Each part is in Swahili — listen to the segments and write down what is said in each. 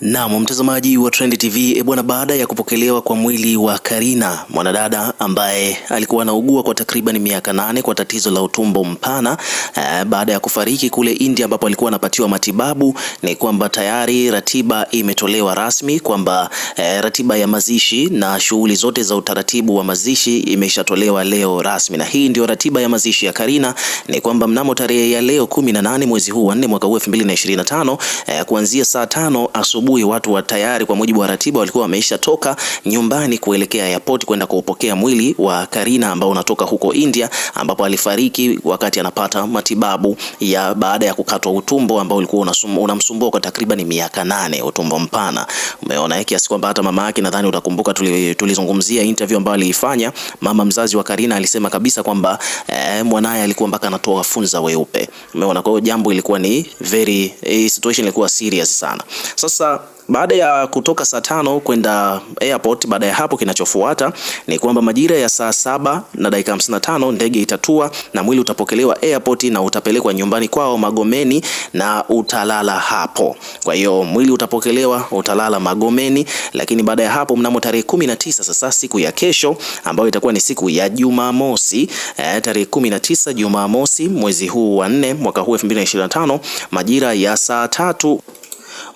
Naam, mtazamaji wa Trend TV, e eh, bwana, baada ya kupokelewa kwa mwili wa Karina, mwanadada ambaye alikuwa anaugua kwa takriban miaka nane kwa tatizo la utumbo mpana e, baada ya kufariki kule India ambapo alikuwa anapatiwa matibabu, ni kwamba tayari ratiba imetolewa rasmi kwamba e, ratiba ya mazishi na shughuli zote za utaratibu wa mazishi imeshatolewa leo rasmi, na hii ndio ratiba ya mazishi ya Karina, ni kwamba mnamo tarehe ya leo 18 mwezi huu wa 4 mwaka huu 2025 e, kuanzia saa tano asubuhi asubuhi watu wa tayari kwa mujibu wa ratiba walikuwa wameisha toka nyumbani kuelekea airport kwenda kuupokea mwili wa Karina ambao unatoka huko India ambapo alifariki wakati anapata matibabu ya baada ya kukatwa utumbo ambao ulikuwa unamsumbua kwa takriban miaka nane, utumbo mpana. Umeona eh, kiasi kwamba hata mama yake nadhani utakumbuka, tulizungumzia interview ambayo aliifanya mama mzazi wa Karina, alisema kabisa kwamba eh, mwanaye alikuwa mpaka anatoa funza weupe. Umeona, kwa hiyo jambo ilikuwa ni very, eh, situation ilikuwa serious sana. Sasa baada ya kutoka saa tano kwenda airport, baada ya hapo kinachofuata ni kwamba majira ya saa saba na dakika tano ndege itatua na mwili utapokelewa airport na utapelekwa nyumbani kwao Magomeni na utalala hapo. Kwa hiyo mwili utapokelewa, utalala Magomeni, lakini baada ya hapo mnamo tarehe kumi na tisa sasa siku ya kesho ambayo itakuwa ni siku ya Jumamosi eh, tarehe kumi na tisa Jumamosi mwezi huu wa nne mwaka huu 2025 majira ya saa tatu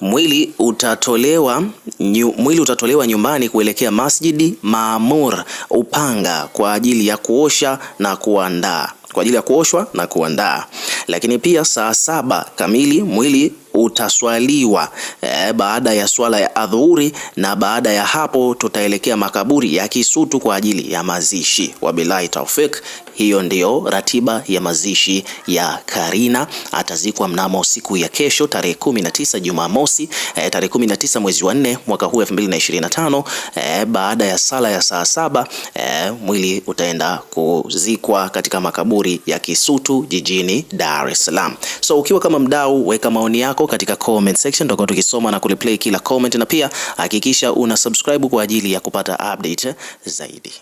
Mwili utatolewa, nyu, mwili utatolewa nyumbani kuelekea Masjidi Maamur Upanga kwa ajili ya kuosha na kuandaa kwa ajili ya kuoshwa na kuandaa. Lakini pia saa saba kamili mwili utaswaliwa e, baada ya swala ya adhuhuri, na baada ya hapo tutaelekea makaburi ya Kisutu kwa ajili ya mazishi. Wabillahi taufik hiyo ndiyo ratiba ya mazishi ya Karina. Atazikwa mnamo siku ya kesho tarehe 19 Jumamosi, e, tarehe 19 mwezi wa 4 mwaka huu 2025, e, eh, baada ya sala ya saa saba, e, mwili utaenda kuzikwa katika makaburi ya Kisutu jijini Dar es Salaam. So ukiwa kama mdau, weka maoni yako katika comment section, tutakuwa tukisoma na kuliplay kila comment, na pia hakikisha una subscribe kwa ajili ya kupata update zaidi.